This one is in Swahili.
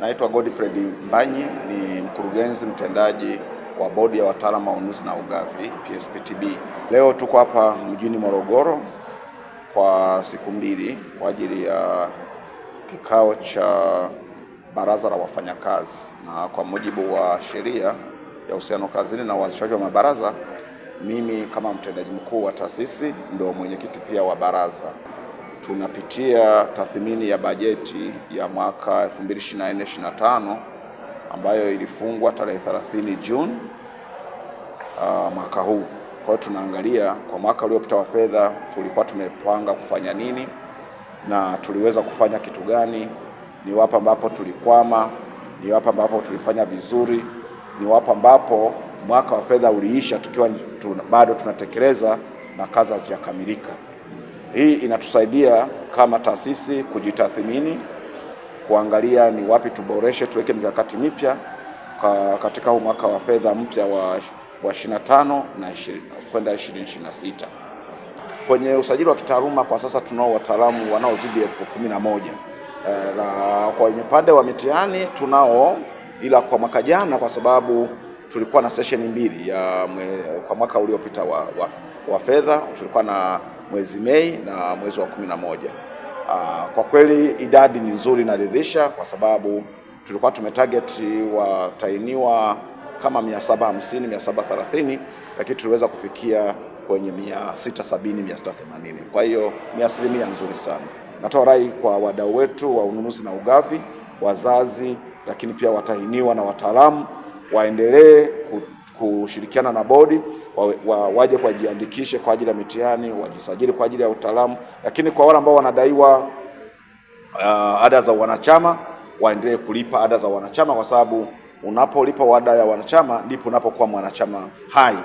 Naitwa Godfred Mbanyi, ni mkurugenzi mtendaji wa bodi ya wataalamu wa ununuzi na ugavi PSPTB. Leo tuko hapa mjini Morogoro kwa siku mbili kwa ajili ya kikao cha baraza la wafanyakazi, na kwa mujibu wa sheria ya uhusiano kazini na uanzishaji wa mabaraza, mimi kama mtendaji mkuu wa taasisi ndio mwenyekiti pia wa baraza tunapitia tathmini ya bajeti ya mwaka 2024 2025 ambayo ilifungwa tarehe 30 Juni uh, mwaka huu. Kwa hiyo tunaangalia kwa mwaka uliopita wa fedha tulikuwa tumepanga kufanya nini na tuliweza kufanya kitu gani, ni wapi ambapo tulikwama, ni wapi ambapo tulifanya vizuri, ni wapi ambapo mwaka wa fedha uliisha tukiwa tun, bado tunatekeleza na kazi hazijakamilika. Hii inatusaidia kama taasisi kujitathmini, kuangalia ni wapi tuboreshe, tuweke mikakati mipya katika huu mwaka wa fedha mpya wa 25 na kwenda 2026. Kwenye usajili wa kitaaluma kwa sasa tunao wataalamu wanaozidi elfu kumi na moja eh, na kwenye upande wa mitihani tunao, ila kwa mwaka jana kwa sababu tulikuwa na sesheni mbili ya mwe, kwa mwaka uliopita wa, wa, wa fedha tulikuwa na mwezi Mei na mwezi wa kumi na moja. Uh, kwa kweli idadi ni nzuri inaridhisha, kwa sababu tulikuwa tumetarget watainiwa kama 750 730, lakini tuliweza kufikia kwenye 670 680. Kwa hiyo ni asilimia nzuri sana. Natoa rai kwa wadau wetu wa ununuzi na ugavi, wazazi, lakini pia watahiniwa na wataalamu waendelee kushirikiana na bodi wa, wa, waje wajiandikishe kwa ajili ya mitihani, wajisajili kwa ajili ya utaalamu, lakini kwa wale ambao wanadaiwa uh, ada za wanachama waendelee kulipa ada za wanachama, kwa sababu unapolipa ada ya wanachama ndipo unapokuwa mwanachama hai